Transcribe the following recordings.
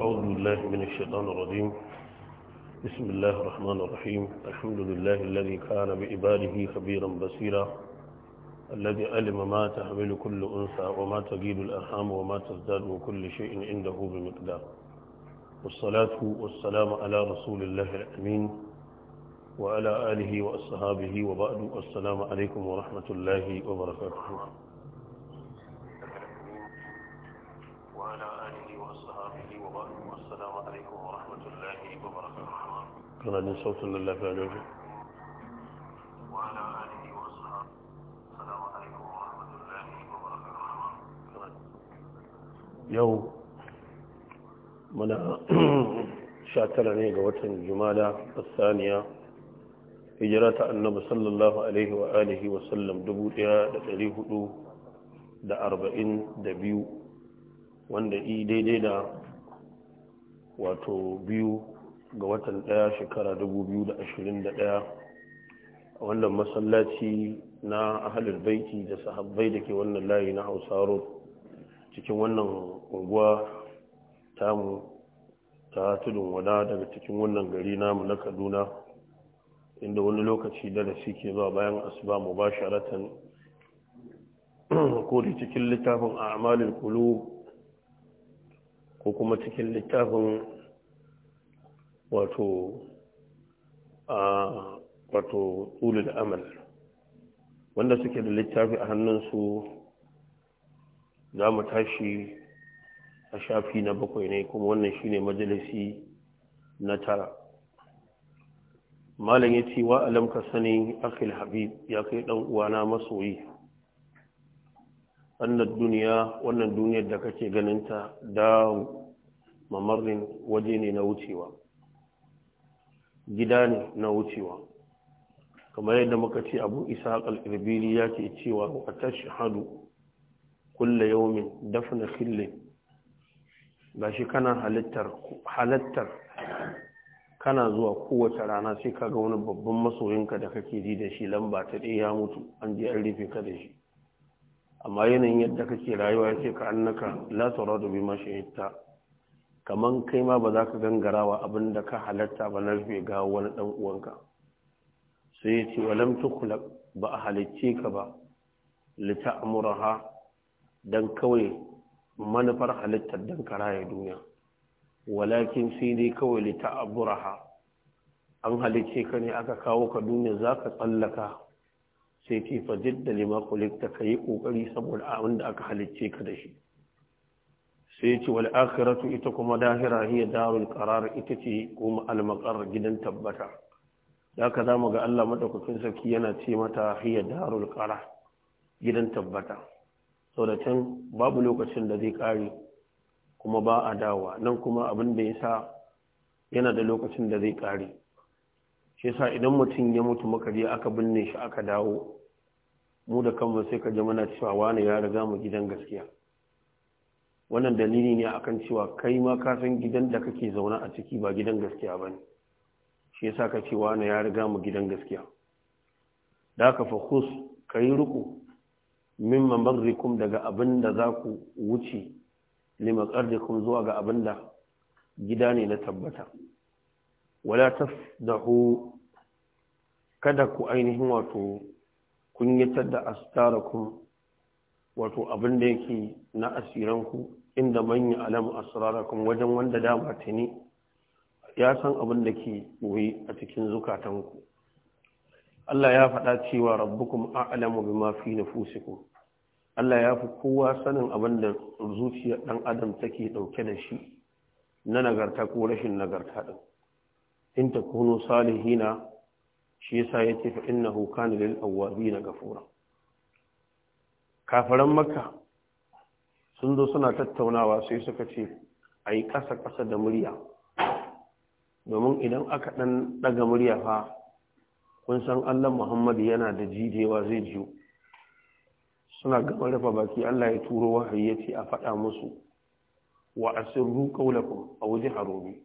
أعوذ بالله من الشيطان الرجيم بسم الله الرحمن الرحيم الحمد لله الذي كان بإباده خبيرا بصيرا الذي علم ما تحمل كل أنثى وما تجيد الأرحام وما تزداد كل شيء عنده بمقدار والصلاة والسلام على رسول الله الأمين وعلى آله وأصحابه وبعد السلام عليكم ورحمة الله وبركاته yau ورحمة sha tara كان عندي صوت لله في وعلى آله ne ga watan jumada saniya hijira ta annabi sallallahu alaihi wa alihi wa sallam 1442 wanda i daidai da wato biyu ga watan ɗaya shekara 2021 a wannan masallaci na ahalar baiki da sahabbai da ke wannan layi na hausaro cikin wannan unguwa tamu ta tudun wada daga cikin wannan gari namu na kaduna inda wani lokaci darasi ke zuwa bayan asuba mu ba sharatan ko da cikin littafin a amalin kulu ko kuma cikin littafin wato a wato ulul amal wanda suke da littafi a hannunsu za mu tashi a shafi na bakwai ne kuma wannan shine majalisi na tara malam ya ce wa alam ka sani akhil habib ya kai dan uwana masoyi annan duniya wannan duniyar da kake ganin ta da mamarin waje ne na wucewa gida ne na wucewa kamar yadda muka ce abu isa al-irbili ya ce cewa wa tashhadu kulle yawmin dafna ba shi kana halittar kana zuwa kowace rana sai ka ga wani babban masoyinka da kake ji da shi lamba ta ɗaya ya mutu an je an rufe ka da shi amma yanayin yadda kake rayuwa ya ce ka annaka la bi mashi shahidta kamar kai ma ba za ka gangarawa abin da ka halatta ba na rufe ga wani ɗan uwanka sai ya ce walam tukula ba a halicce ka ba lita amuraha don kawai manufar halittar don ya duniya walakin sai dai kawai lita aburaha an halicce ka ne aka kawo ka duniya za ka tsallaka sai ce fajid da lima kulikta ka yi ƙoƙari saboda abin da aka halicce ka da shi sai ce wal akhiratu ita kuma dahira hiya darul qarar ita ce kuma al gidan tabbata da ka zamu ga Allah madaukakin sarki yana ce mata hiya darul qarar gidan tabbata saboda can babu lokacin da zai kare kuma ba a dawa nan kuma abin da yasa yana da lokacin da zai kare shi yasa idan mutum ya mutu muka je aka binne shi aka dawo mu da kanmu sai ka ji muna cewa wani ya riga mu gidan gaskiya wannan dalili ne akan cewa kai ma kasan gidan da kake zaune a ciki ba gidan gaskiya ba ne shi yasa ka cewa na ya riga mu gidan gaskiya da ka fa ka yi ruku mimma magrikum daga abin da za ku wuce lima kun zuwa ga abin da gida ne na tabbata wala tafdahu kada ku ainihin wato kun yi tadda astarakum wato abin da yake na asiranku inda manyan alamu asirarakun wajen wanda dama ta ne ya san abin da ke ɓoye a cikin zukatanku Allah ya faɗa cewa rabbukum a'lamu bima fi nufusikum Allah ya fi kowa sanin abin da zuciyar ɗan adam take ɗauke da shi na nagarta ko rashin nagarta ɗin in ta kuno salihina shi yasa yace fa innahu kana lil na gafura." kafaran makka sun zo suna tattaunawa sai suka ce a yi ƙasa-ƙasa da murya domin idan aka ɗan ɗaga murya fa kun san allah muhammadu yana da jijewa zai jiyo suna gama rufa baki allah ya turo wahayi ya ce a faɗa musu wa asirru kaulakum a waje harobi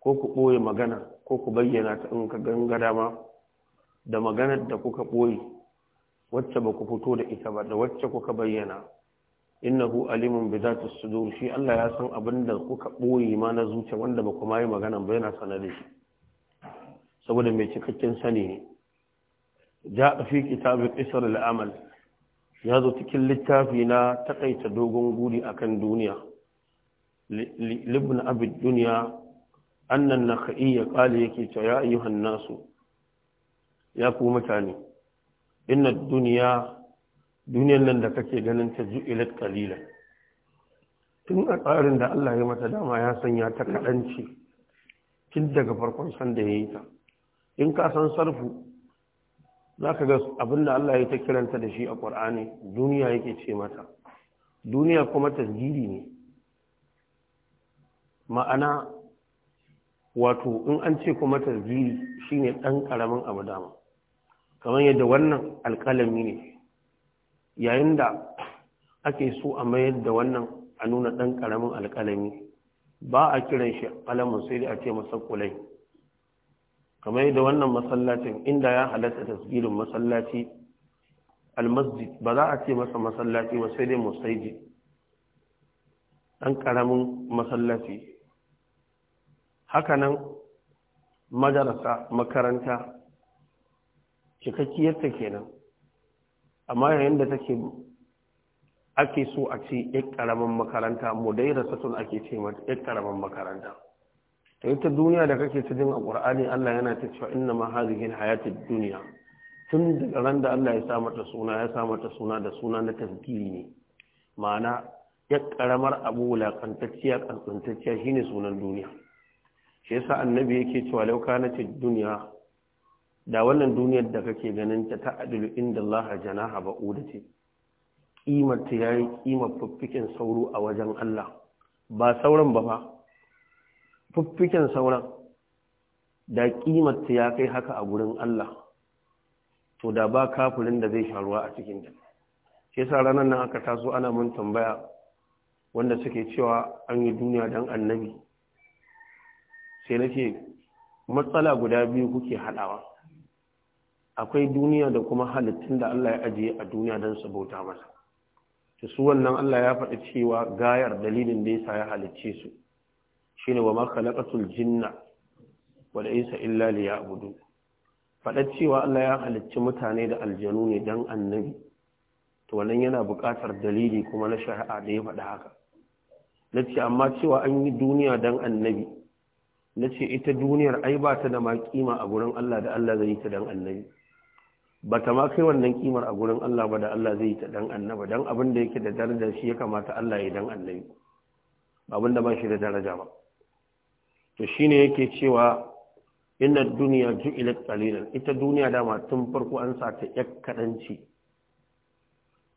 ko ku ɓoye magana ko ku bayyana ta in ka ganga dama da maganar da kuka ɓoye wacce ba ku fito da ita ba da wacce kuka bayyana innahu alimun bi zati sudur shi Allah ya san abin da kuka boye ma na zuciya wanda ba kuma yi magana ba yana sanar da shi saboda mai cikakken sani ne ja fi kitabin isar al'amal ya zo cikin littafi na takaita dogon guri akan duniya libn abid duniya annan na ka'iyya kali yake cewa ya ayyuhan nasu ya ku mutane inna duniya duniyar nan da kake ganin ta ju'ilat qalilan tun a tsarin da Allah ya mata dama ya sanya ta kaɗanci tun daga farkon san da ya yi ta in ka san sarfu za ka ga abin da Allah ya ta kiranta da shi a ƙwar'ani duniya yake ce mata duniya kuma tasgiri ne ma'ana wato in an ce kuma tasgiri shine ɗan ƙaramin abu dama kamar yadda wannan alƙalami ne yayin da ake so a mayar da wannan a nuna ɗan ƙaramin alƙalami ba a kiran shi alamun sai da a ce masa kulai kamar yadda wannan masallacin inda ya halatta tasgirin masallaci almasjid ba za a ce masa masallaci ba sai dai musaiji ɗan ƙaramin masallaci hakanan madarasa makaranta cikakkiyarta kenan amma yayin da take ake so a ce yan karamin makaranta mudaira satun ake ce mata yan karamin makaranta ta yi ta duniya da kake ta jin a ƙur'ani allah yana ta cewa inna ma hazihin hayatid duniya tun da ran da allah ya sa mata suna ya sa mata suna da suna na tafkiri ne ma'ana ya karamar abu wulaƙantacciya ƙanƙantacciya shine sunan duniya shi yasa annabi yake cewa lauka na ce duniya da wannan duniyar da kake ganin ta ta adilu inda Allah janaha ba'uda ce kimar ta yayi kimar fuffikin sauro a wajen Allah ba sauran ba ba fuffikin sauran da kimar ta ya kai haka a gurin Allah to da ba kafirin da zai sharuwa a cikin ta shi yasa ranar nan aka taso ana mun tambaya wanda suke cewa an yi duniya dan annabi sai nake matsala guda biyu kuke hadawa akwai duniya da kuma halittun da Allah ya ajiye a duniya don su bauta masa Ta su wannan Allah ya faɗi cewa gayar dalilin da ya ya halicce su Shi ne wa maka khalaqatul jinna wal illali illa gudu. faɗa cewa Allah ya halicci mutane da aljanu ne don annabi to wannan yana buƙatar dalili kuma na shari'a da ya faɗa haka na ce amma cewa an yi duniya don annabi na ce ita duniyar ai ba ta da ma kima a gurin Allah da Allah zai yi ta don annabi ba ta ma kai wannan kimar a gurin Allah ba da Allah zai yi ta dan annaba dan abin da yake da daraja shi ya kamata Allah ya dan annabi abin da ba shi da daraja ba to shine yake cewa inna duniya ju'ilat qalilan ita duniya dama tun farko an sa ta yak kadanci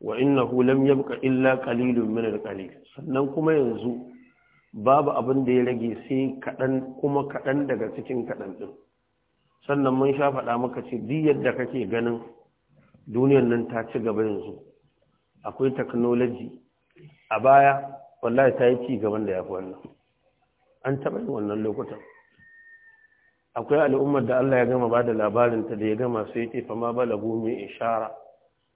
wa innahu lam yabqa illa qalilun min al-qalil sannan kuma yanzu babu abin da ya rage sai kadan kuma kadan daga cikin kadan din sannan mun sha faɗa maka ce duk yadda kake ganin duniyar nan ta ci gaba yanzu akwai technology a baya wallahi ta yi ci gaban da ya fi wannan an taɓa yin wannan lokutan akwai al'ummar da Allah ya gama ba da labarinta da ya gama sai ce fama balagu mai ishara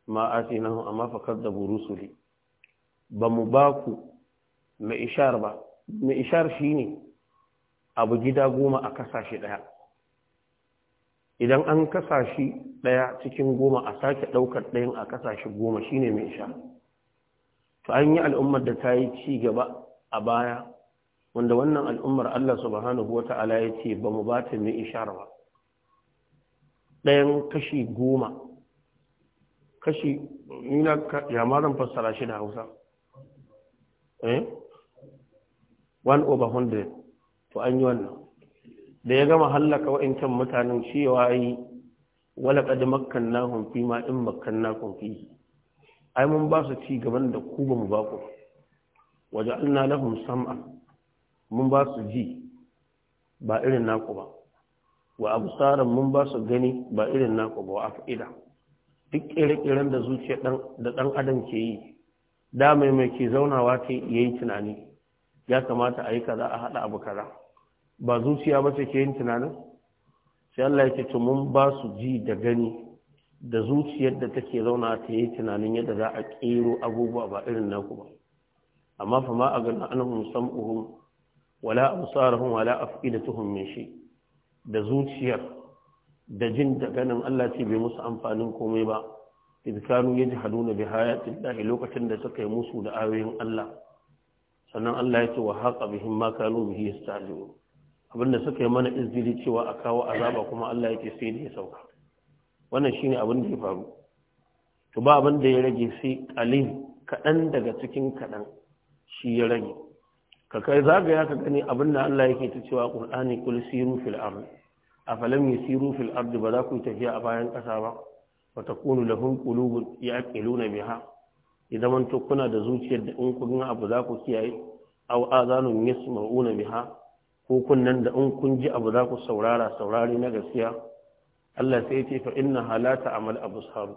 ma a sinahu amma kar da burusuli ba mu ba ku mai ishar ba mai ishar shi abu gida goma a kasashe ɗaya idan an kasa shi ɗaya cikin goma a sake ɗaukar ɗayan a kasa shi goma shine mai sha to an yi al'ummar da ta yi ci gaba a baya wanda wannan al'ummar Allah subhanahu wata'ala ya ce ba mu ba ta mai ishar ba ɗayan kashi goma kashi nuna jamarin fassara shi da hausa eh 1 over 100 to an yi wannan da ya gama hallaka wa'incan mutanen cewa yi wala makon makkannahum fi ma in makkannakum fi. ai mun ba su ci gaban da ku ba mu ba ku waja'alna lahum sam'a mun ba su ji ba irin naku ba wa abu tsarin mun ba su gani ba irin naku ba wa fa'ida duk ƙere-ƙeren da zuciya da ɗan adam ke yi da mai mai ke zaunawa ke yi tunani ya kamata a yi kaza a haɗa abu kaza ba zuciya ba ce ke yin tunanin sai Allah ya ce to mun ba su ji da gani da zuciyar da take zauna ta yi tunanin yadda za a kero abubuwa ba irin naku ba amma fa ma a ganin anhum sam'uhum wala absaruhum wala afidatuhum min shi da zuciyar da jin da ganin Allah ce bai musu amfanin komai ba idkanu yajhaduna bi hayatin lahi lokacin da suka yi musu da ayoyin Allah sannan Allah ya ce wa haqa bihim ma kanu bihi yasta'jilun abinda suka yi mana izini cewa a kawo azaba kuma Allah yake sai da ya sauka wannan shine abin da ya faru to ba abin da ya rage sai qalil kaɗan daga cikin kaɗan shi ya rage ka kai zagaya ka gani abin da Allah yake ta cewa qur'ani kul siru fil ard afalam yasiru fil ard ba za ku tafiya a bayan ƙasa ba wa takunu lahum qulubun yaqiluna biha idan man to da zuciyar da in kun abu za ku kiyaye aw azanun yasma'una biha ko kunnan da in kun ji abu za ku saurara saurari na gaskiya Allah sai ce fa inna halata amal Abusar.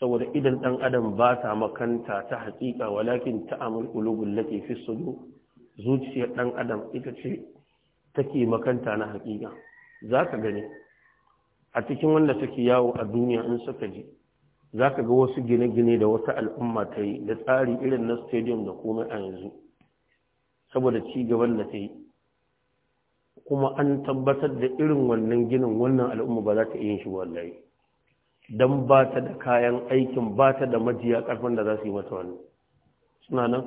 saboda idan dan adam ba ta makanta ta hakika, walakin ta'amul qulubul lati fi sudu zuciyar dan adam ita ce take makanta na Za ka gani a cikin wanda take yawo a duniya in suka ji Za ka ga wasu gine-gine da wata al'umma ta yi da tsari irin na stadium da komai a yanzu saboda ci gaban da ta yi kuma an tabbatar da irin wannan ginin wannan al'umma ba za ta yin shi wallahi don ba ta da kayan aikin ba ta da majiya karfin da za su yi mata wannan suna nan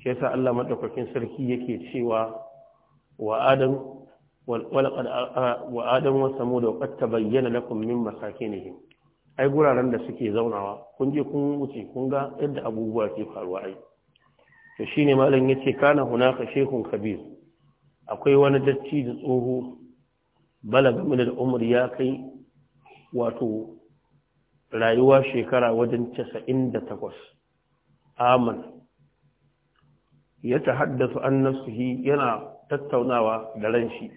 shi yasa Allah madaukakin sarki yake cewa wa adam walaqad wa adam wa samud wa qad tabayyana lakum min masakinihim ai guraren da suke zaunawa kun je kun wuce kun ga yadda abubuwa ke faruwa ai to shine malam yace kana hunaka shekun kabir akwai wani datti da tsoho balaga min al'umar ya kai wato rayuwa shekara wajen casa'in da takwas aman ya ta haddasa an yana tattaunawa da ran shi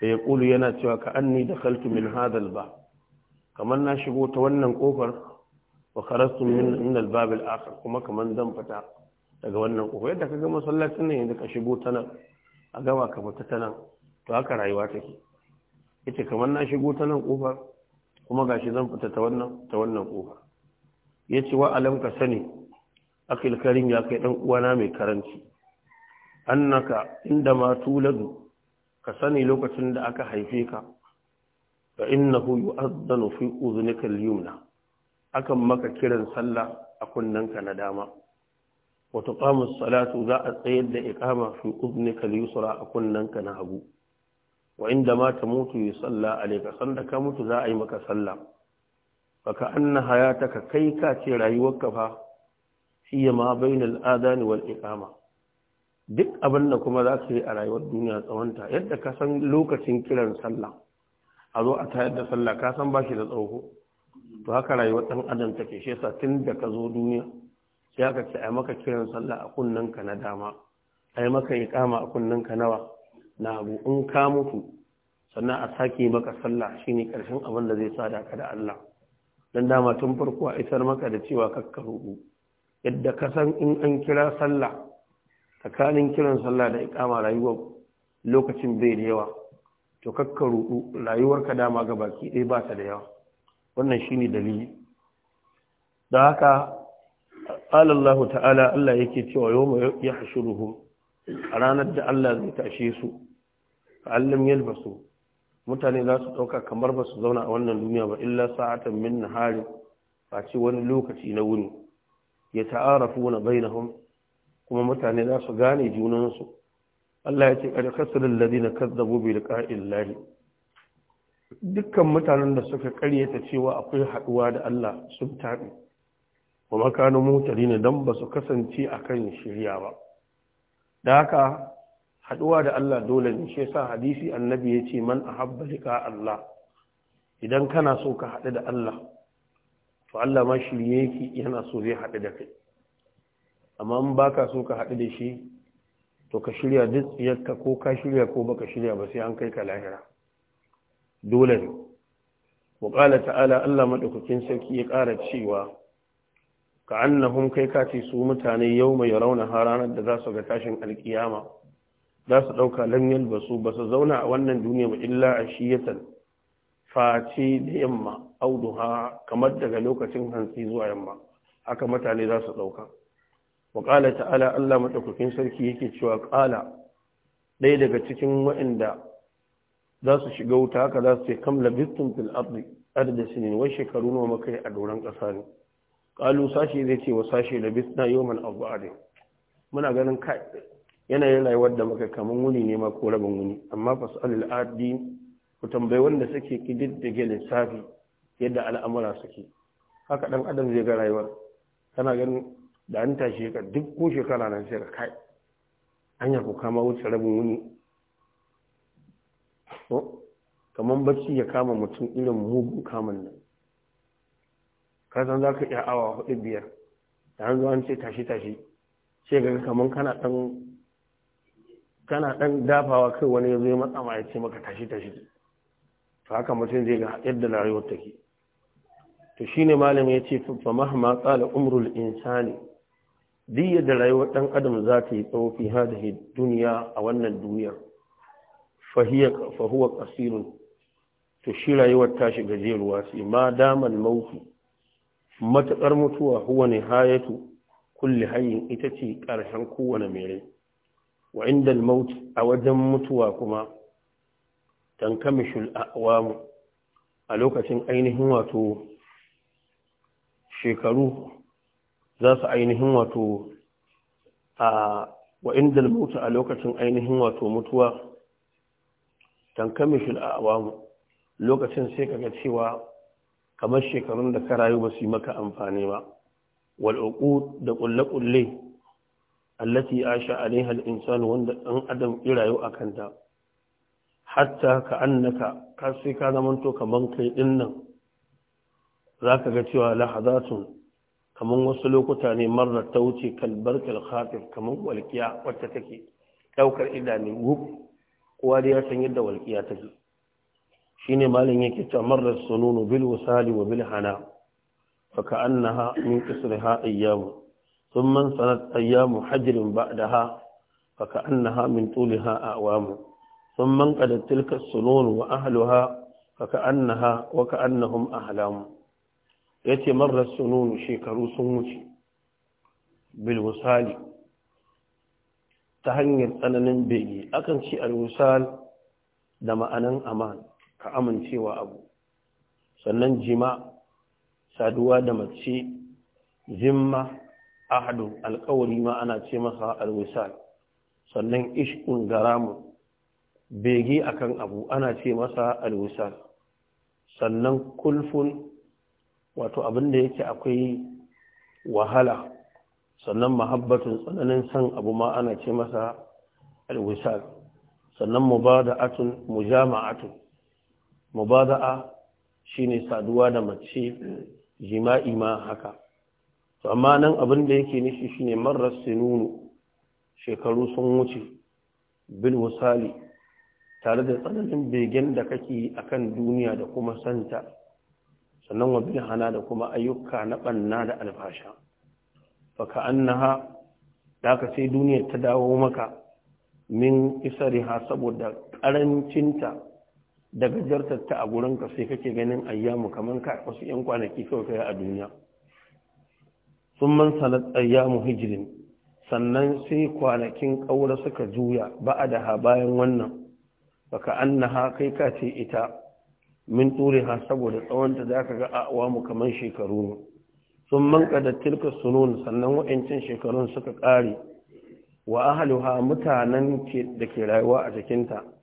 da ya ƙulu yana cewa ka an ni da kaltu min hadal ba kamar na shigo ta wannan ƙofar wa karastu min albabil akhar kuma kamar zan fita daga wannan ƙofar yadda ka ga masallacin nan yanzu ka shigo ta nan a gama ka fita ta nan to haka rayuwa take yace kamar na shigo ta nan kofar kuma gashi zan fita ta wannan ta wannan kofar yace wa alam ka sani akil karim ya kai dan uwana mai karanci annaka inda ma tuladu ka sani lokacin da aka haife ka fa innahu yu'adhdhanu fi udhnika al-yumna akan maka kiran sallah a kunnanka na dama wa tuqamu salatu za a tsayar da ikama fi udnika al-yusra a na hagu wa inda ma tamutu yusalla alayka sanda ka mutu za a yi maka sallah baka anna hayataka kai ka ce rayuwarka fa hiya ma bainal adani wal iqama duk abin da kuma za ka yi a rayuwar duniya tsawonta yadda ka san lokacin kiran sallah a zo a tayar da sallah ka san ba shi da tsawo to haka rayuwar ɗan adam take shi yasa da ka zo duniya ya ka ce ai maka kiran sallah a ka na dama ai maka iqama a ka nawa na abu in ka mutu sannan a sake maka sallah shine karshen abin da zai sada ka da Allah dan dama tun farko a isar maka da cewa kakka rubu yadda ka san in an kira sallah tsakanin kiran sallah da iqama rayuwar lokacin bai da yawa to kakka rubu rayuwarka dama ga baki ɗaya ba ta da yawa wannan shine dalili da haka qala Allah ta'ala Allah yake cewa yawma yahshuruhum a ranar da Allah zai tashe su allan yalbasu mutane za su dauka kamar ba su zauna a wannan duniya ba illa sa'atan min nahari ba ce wani lokaci na wuni ya na bainahum kuma mutane za su gane junansu Allah ya ce ƙarƙasirin ladina kazzabu bi liqa'il lahi dukkan mutanen da suka ƙaryata cewa akwai haɗuwa da Allah sun taɓi wa makanu mutari ne don ba su kasance a kan shirya ba da haka haɗuwa da Allah dole ne shi sa hadisi annabi ya ce man a liqa Allah idan kana so ka haɗu da Allah to Allah ma shirye ki yana so zai haɗu da kai amma in ba ka so ka haɗu da shi to ka shirya duk tsiyarka ko ka shirya ko baka shirya ba sai an kai ka lahira dole ne ƙala ta'ala Allah maɗaukakin sarki ya ƙara cewa ka annahum kai ka su mutane yau mai rauna ranar da za su ga tashin alkiyama za su ɗauka lanyan ba su ba su zauna a wannan duniya ba illa a shiyatan face da yamma auduha kamar daga lokacin hantsi zuwa yamma haka mutane za su ɗauka wa ƙala ta'ala Allah maɗaukakin sarki yake cewa ƙala ɗaya daga cikin waɗanda za su shiga wuta haka za su ce kam labistum fil ardi arda sinin wai shekaru nawa makai a doron ƙasa ne kalu sashi zai ce wa sashi na yawman abu adin muna ganin kai yanayin rayuwar da muka kamun wuni ne ma ko rabin wuni amma fasu al'adi ku tambayi wanda suke kididdige lissafi yadda al'amura suke haka dan adam zai ga rayuwar kana ganin da an tashi ka duk ko shekara nan sai ka kai anya ku kama wuce rabin wuni Kamar bacci ya kama mutum irin mugun kamun nan kasan zaka za ka iya awa hudu biyar da an zuwa ce tashi tashi ce ga kamar kana dan dafawa kai wani ya zo ya ya ce maka tashi tashi to haka mutum zai ga yadda rayuwar take to shine malam ya ce fa mahma qala umrul insani diyya da rayuwar dan adam za ta yi tsawo fi hadhihi duniya a wannan duniyar fa hiya fa to shi rayuwar tashi shiga jeruwa sai ma damal mautu matuƙar mutuwa huwa ne hayatu kulli hayyin ita ce ƙarshen kowane mere wa inda mauti a wajen mutuwa kuma tankamishul a'wamu a lokacin ainihin wato shekaru za su ainihin wato a wa inda mauti a lokacin ainihin wato mutuwa tankamishul a'wamu lokacin sai kaga cewa kamar shekarun da ka rayu ba su yi maka amfani ba wal da kulle kulle allati asha alaiha al insanu wanda dan adam ya rayu akan ta hatta ka annaka ka sai ka zamanto kaman kai dinnan zaka ga cewa lahazatun kamar wasu lokuta ne marar ta wuce kalbar kalhatif kamar walƙiya wacce take ɗaukar idanu wuf kowa da ya san yadda walƙiya take shine malin yake ta marar sununu bil wasali wa bil hana fa ka'annaha min qisriha ayyamu thumma sanat ayyamu hajrin ba'daha fa annaha min tuliha awamu thumma qad tilka sunun wa ahliha fa ka'annaha wa ka'annahum ahlamu yace marar sununu shekaru sun wuce bil wasali ta hanyar tsananin bege akan ci al wasal da ma'anan amana. ka amincewa abu sannan jima saduwa da mace zimma ahadu alkawari ma ana ce masa alwisal sannan ishkun garamu bege akan abu ana ce masa alwisal sannan kulfun wato abin da yake akwai wahala sannan mahabbatun tsananin san abu ma ana ce masa alwisal sannan mubada'atun mujama'atun mubada'a shine saduwa da mace jima'i ma haka to amma nan abin da yake nishi shine marar sinunu shekaru sun wuce bil wasali tare da tsananin begen da kake akan duniya da kuma santa sannan wa bil hana da kuma ayyuka na banna da alfasha fa ka annaha da ka sai duniya ta dawo maka min ha saboda karancinta daga jartar ta a gurinka sai kake ganin ayyamu kamar ka wasu 'yan kwanaki kawai kai a duniya sun man salat ayyamu hijirin sannan sai kwanakin ƙaura suka juya ba'a da ha bayan wannan baka annaha kai ka ce ita min turi ha saboda tsawonta za ka ga a mu kamar shekaru ne sun man da tilka sunun sannan wa'ancin shekarun suka ƙare wa ahaluha mutanen da ke rayuwa a jikinta.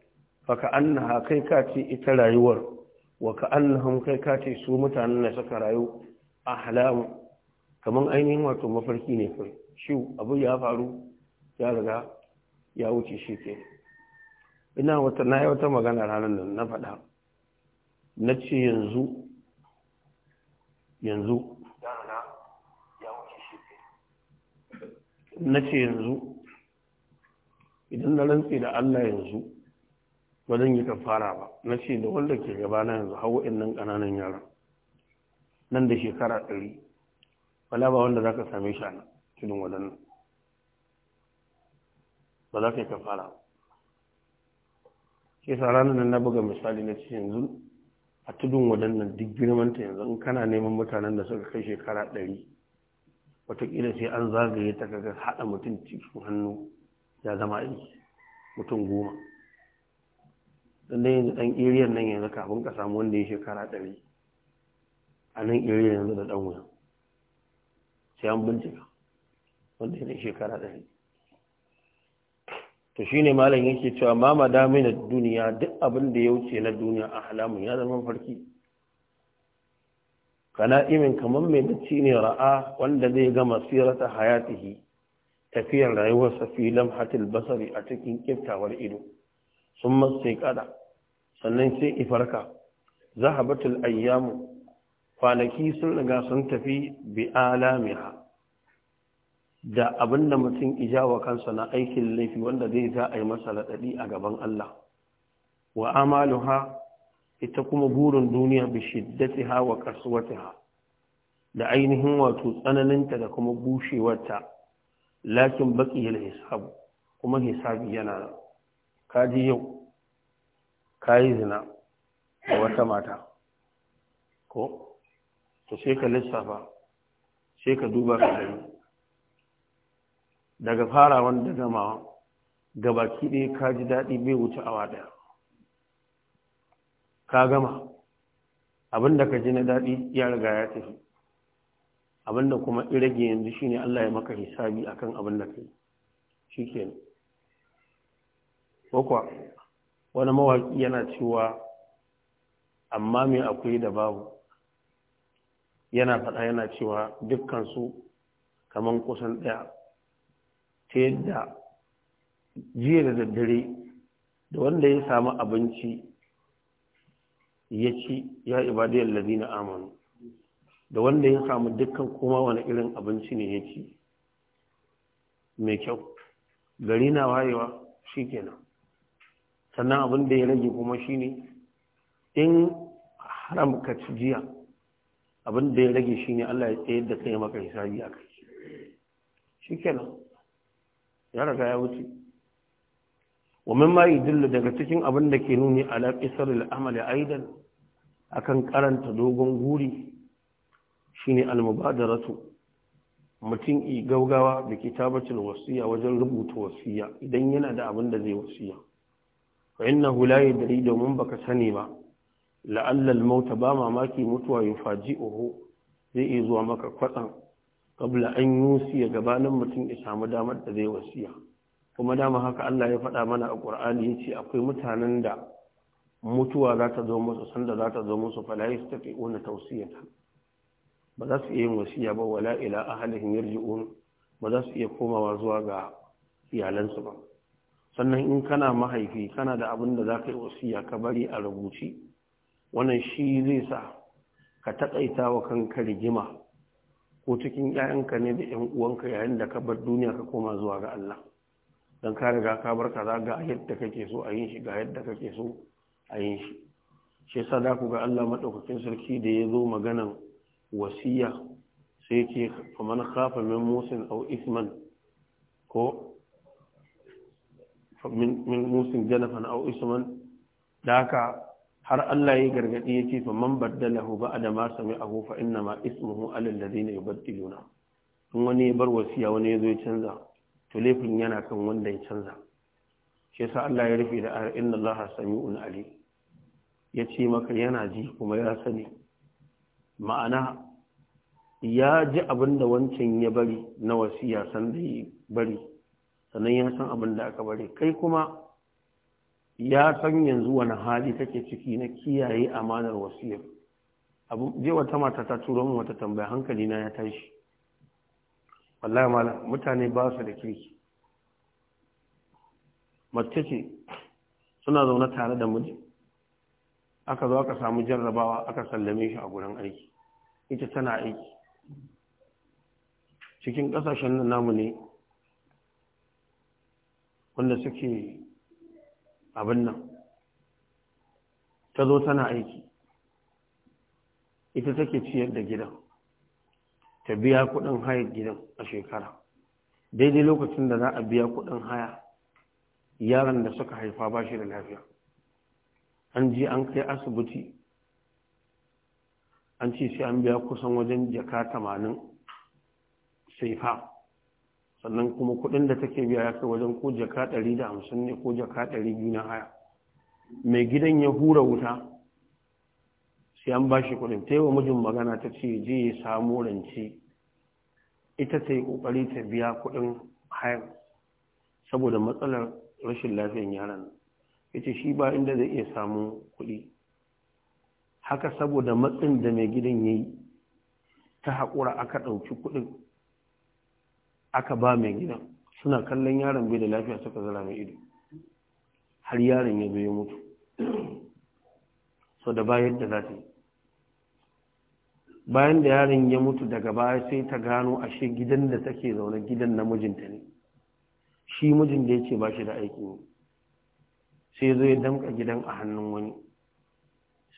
faka na kai kati ita rayuwar wa ka na kai kati su mutanen da suka rayu a halamu Kamar ainihin wato mafarki ne kai shi abu ya faru ya riga ya wuce shi ke ina wata na yi wata magana ranar nan na faɗa na ce yanzu yanzu na ce yanzu idan na rantse da Allah yanzu ba zan yi kafara ba na ce da wanda ke gaba na yanzu hau nan ƙananan yara nan da shekara ɗari wala ba wanda za ka same shi a cikin waɗannan ba za ka yi kafara ba ke sa ranar nan na buga misali na ce yanzu a tudun waɗannan duk girmanta yanzu in kana neman mutanen da suka kai shekara ɗari watakila sai an zagaye ta kaga haɗa mutum cikin hannu ya zama aiki mutum goma Sannan yanzu ɗan iriyar nan yanzu kafin ka samu wanda ya shekara ɗari a nan iriyar yanzu da ɗan wuyan sai an bincika wanda ya shekara ɗari to shi ne malam yake cewa ma madami na duniya duk abin da ya wuce na duniya a halamun ya zama farki kana imin kamar mai bacci ne ra'a wanda zai gama sirata hayatihi tafiyar rayuwarsa filan hatil basari a cikin kiftawar ido sun masai kada sannan sai ifarka batul ayyamu kwanaki sun riga sun tafi bi alamiha da abinda mutum ijawa kansa na aikin laifi wanda zai za a yi masa laɗaɗi a gaban Allah wa amaluha ita kuma burin duniya bi shiddatiha wa ha, da ainihin wato tsananinta da kuma bushewarta lakin baqiyal hisabu, kuma hisabi yana nan ka ji yau ka yi zina da wata mata ko to sai ka lissafa sai ka duba ka gani daga farawan da gamawa gabaki ɗaya ka ji daɗi bai wuce awa ɗaya ka gama abinda ka ji na daɗi ya riga ya tafi abinda kuma irage yanzu shine Allah ya maka hisabi akan abin da shi kenan ko wani mawaƙi yana cewa amma me akwai da babu yana faɗa yana cewa dukkansu kaman kusan ɗaya ta yadda jiya da daddare da wanda ya samu abinci ya ci ya ibadiyar lazina amanu da wanda ya samu dukkan koma wani irin abinci ne ya ci mai kyau gari na wayewa shi kenan sannan abin da ya rage kuma shine in haram ka ci jiya abin da ya rage shine Allah ya tsaye da kai maka hisabi a kai kenan ya riga ya wuce wa ma yadullu daga cikin abin da ke nuni ala qisar al-amal aidan akan karanta dogon guri shine al-mubadaratu mutum i gaugawa da kitabatul wasiya wajen rubuta wasiya idan yana da abin da zai wasiya fa innahu la yadri domin baka sani ba la'alla al-maut ba mamaki mutuwa yufaji'uhu zai iya zuwa maka kwatsan kabla an ga gabanin mutum ya samu damar da zai wasiya kuma dama haka Allah ya faɗa mana a Qur'ani yace akwai mutanen da mutuwa za ta zo musu sanda za ta zo musu la yastafi'una tawsiyata ba za su iya wasiya ba wala ila ahlihim yarji'un ba za su iya komawa zuwa ga iyalansu ba sannan in kana mahaifi kana da abin da za ka yi wasiya ka bari a rubuci wannan shi zai sa ka taƙaita wa kanka rigima ko cikin 'ya'yanka ne da 'yan uwanka yayin da ka bar duniya ka koma zuwa ga Allah dan ka riga ka bar kaza ga yadda kake so a yin shi ga yadda kake so a yin shi shi yasa da ku ga Allah madaukakin sarki da ya zo maganan wasiya sai ce faman khafa min musin aw isman ko min musin janafan aw isman da haka har Allah ya gargadi ya ce fa man baddalahu ba'da ma sami'ahu fa inna ma ismuhu alal ladina yubaddiluna in wani ya bar wasiya wani ya zo ya canza to laifin yana kan wanda ya canza shi yasa Allah ya rufe da ayar inna Allah sami'un ali ya ce maka yana ji kuma ya sani ma'ana ya ji abin da wancan ya bari na wasiya san da bari sannan ya san abin da aka bari kai kuma ya san yanzu wani hali take ciki na kiyaye amanar wasiyar abu je wata mata ta turo min wata tambaya hankali na ya tashi wallahi mala mutane ba su da kirki mace ce suna zaune tare da miji aka zo aka samu jarrabawa aka sallame shi a gurin aiki ita tana aiki cikin kasashen namu ne wanda suke abin nan ta zo tana aiki ita take ciyar da gidan ta biya kudin haya gidan a shekara daidai lokacin da za a biya kudin haya yaron da suka haifa ba shi da lafiya an ji an kai asibiti an ce sai an biya kusan wajen jaka tamanin fa. sannan kuma kuɗin da take biya ya kai wajen ko jaka ɗari da hamsin ne ko jaka ɗari biyu na haya mai gidan ya hura wuta sai an ba shi kuɗin ta yi wa mijin magana ta ce je ya samu rance ita ta yi ƙoƙari ta biya kuɗin hayan saboda matsalar rashin lafiyar yaran ya shi ba inda zai iya samu kuɗi haka saboda matsin da mai gidan ya yi ta haƙura aka ɗauki kuɗin aka ba mai gidan suna kallon yaron bai da lafiya suka zara mai ido har yaron ya zo ya mutu so da bayan da za ta yi bayan da yaron ya mutu daga baya sai ta gano ashe gidan da take zaune gidan na mijinta ne shi mijin da ya ce ba shi da aiki ne sai zo ya damka gidan a hannun wani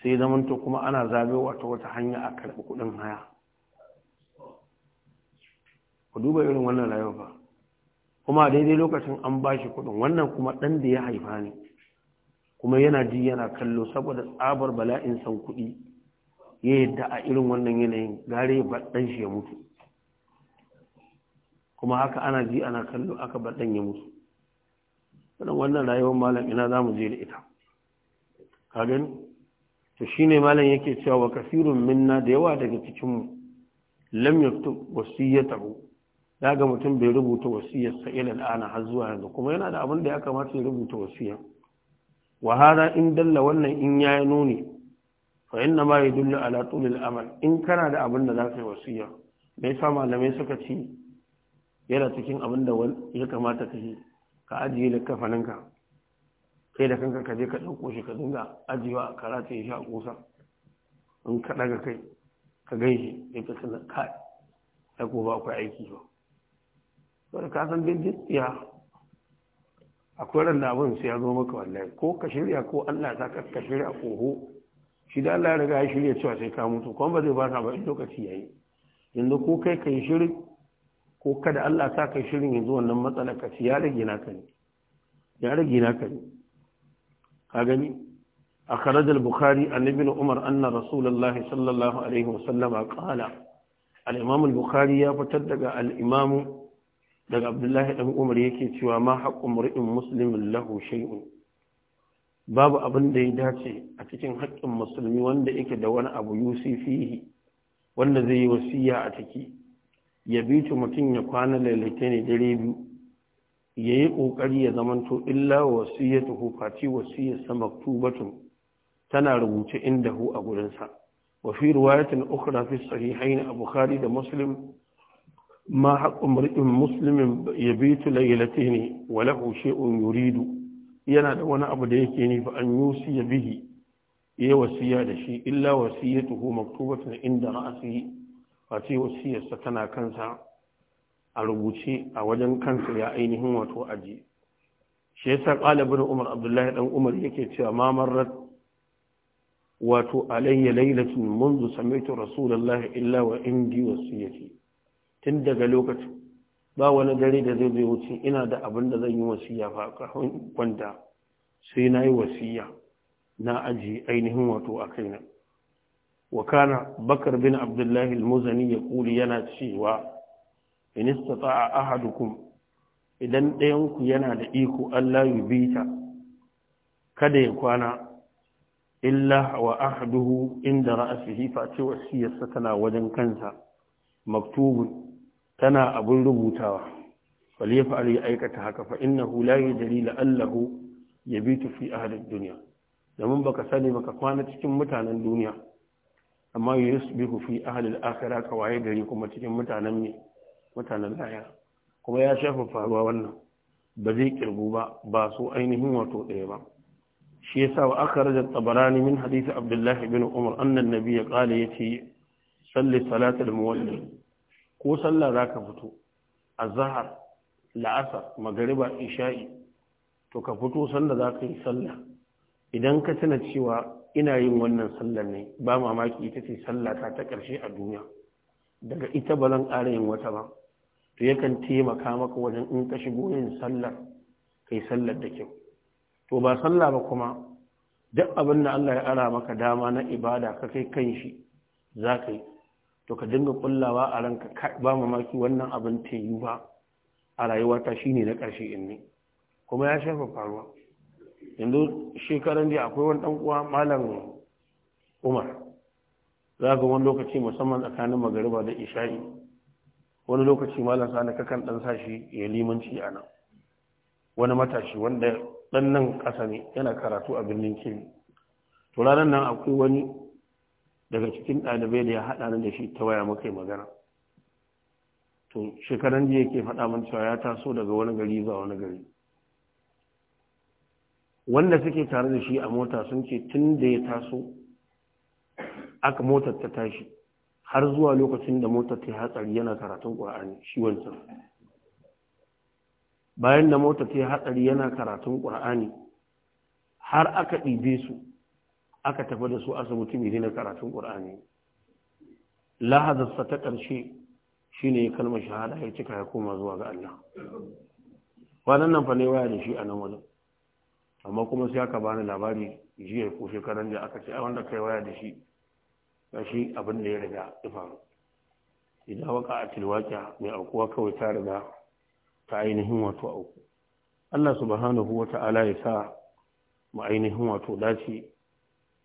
sai zamanta kuma ana zabe wata wata hanya a karɓi kuɗin haya ku duba irin wannan rayuwa ba kuma daidai lokacin an ba shi kudin wannan kuma ɗan da ya haifa ne kuma yana ji yana kallo saboda tsabar bala'in san kuɗi ya yadda a irin wannan yanayin gare baɗan shi ya mutu kuma haka ana ji ana kallo aka baɗan ya mutu wannan wannan rayuwar malam ina za je da ita ka gani to shine malam yake cewa wa kasirun minna da yawa daga cikin mu lam yaktub wasiyatahu ya ga mutum bai rubuta wasiyar wasiyarsa ila al'ana har zuwa yanzu kuma yana da abin da ya kamata ya rubuta wasiya wa hada in dalla wannan in ya yi nuni fa inna ma yadullu ala tulil amal in kana da abin da zaka yi wasiya me yasa malamai suka ci yana cikin abin da ya kamata ka yi ka ajiye kai da kanka ka je ka ɗauko shi ka dinga ajiyewa a karatu ya sha a kusa in ka ɗaga kai ka gaishe ya ka sanar kai ya ko ba akwai aiki ba wani kasan bin ya akwai ran da abin sai ya zo maka wallahi ko ka shirya ko Allah ta ka ka shirya koho shi da Allah ya riga ya shirya cewa sai ka mutu kuma ba zai ba ka ba in lokaci yayi yanzu ko kai kai shiri ko kada Allah ta kai shirin yanzu wannan matsalar ka ci ya rage naka ne ya rage naka ne ka gani A ibn umar anna rasulullah sallallahu alaihi wasallam qala al-imam al-bukhari ya الإمام البخاري al-imam daga abdullahi dan umar yake cewa ma haqqu mur'in musulmin lahu shay'un babu abin da ya dace a cikin haƙƙin musulmi wanda yake da wani abu yusifihi wanda zai yi wasiya a ciki ya ta mutum ya kwana lalace ne dare biyu ya yi ƙoƙari ya zamanto illa wasiyyatu hufati wasiyyarsa maktubatun tana rubuce inda hu a gurinsa wa fi riwayatin ukhra fi a bukhari da muslim ما حق امرئ مسلم يبيت ليلتين وله شيء يريد ينا da wani abu da yake ni fa an yusi bihi ya wasiya da shi illa wasiyatuhu maktubatun inda ra'si fa wasiyar wasiyarsa tana kansa a rubuce a wajen kansa ya ainihin wato aji shi yasa qala ibn umar abdullahi dan umar yake cewa ma marrat wato alayya laylatun منذ سمعت رسول illa wa indi wasiyati tun daga lokacin ba wani dare da zai zai wuce ina da abin da zan yi wasiya fa kwanta sai na yi wasiya na aji ainihin wato a kaina wa bakar bin abdullahi al-muzani ya kuli yana cewa in istata'a ahadukum idan ɗayan ku yana da iko Allah ya bita kada ya kwana illa wa ahaduhu inda ra'asihi fa ce wasiyarsa tana wajen kansa maktubun tana abin rubutawa wal yaf'al ya aikata haka fa innahu la yadri la allahu yabitu fi ahli dunya domin baka sani baka kwana cikin mutanen duniya amma yusbihu fi ahli al ka waye gari kuma cikin mutanen ne mutanen lahira kuma ya shafa faruwa wannan ba zai kirgu ba ba ainihin wato ɗaya ba shi yasa wa aka at-tabarani min hadisi Abdullahi bin umar anna an ya qala yati salli salatal muwalli ko sallah za ka fito a zahar la'asar magariba isha'i to ka fito sallah za ka yi sallah idan ka tuna cewa ina yin wannan sallar ne ba mamaki ita ce sallah ta ta ƙarshe a duniya daga ita ba zan ƙara yin wata ba to yakan taimaka maka wajen in ka shigo yin sallar yi sallah da kyau to ba sallah ba kuma duk abin da Allah ya ara maka dama na ibada ka kai kan shi za ka yi to ka dinga kullawa a ranka ba mamaki wannan abin ta yi ba a rayuwata shi ne na ƙarshe in ne kuma ya shafa faruwa yanzu shekaran jiya akwai wani ɗan'uwa malam umar za ga wani lokaci musamman tsakanin magariba da isha'i wani lokaci malam sani kakan dan shi ya limanci a nan wani matashi wanda ɗannan nan ƙasa ne yana karatu a birnin kiri to ranar nan akwai wani daga cikin ɗalibai da ya haɗa ni da shi ta waya makai magana to shekaran da yake faɗa min cewa ya taso daga wani gari zuwa wani gari wanda suke tare da shi a mota sun ce tun da ya taso aka motar ta tashi har zuwa lokacin da motar ta hatsari yana karatun ƙwa'ani shi wancan bayan da motar ta hatsari yana karatun ƙwa'ani har aka ɗibe su aka tafi da su asibiti mai na karatun ƙur'ani lahazarsa ta ƙarshe shi ne ya kalmar shahada ya cika ya koma zuwa ga Allah kwanan nan fa waya da shi a nan wajen amma kuma sai aka bani labari jiya ko shekaran da aka ce a wanda kai waya da shi ga shi abin da ya riga ya faru idan waka a tilwaƙiya mai aukuwa kawai ta riga ta ainihin wato auku Allah subhanahu wa ta'ala ya sa mu ainihin wato dace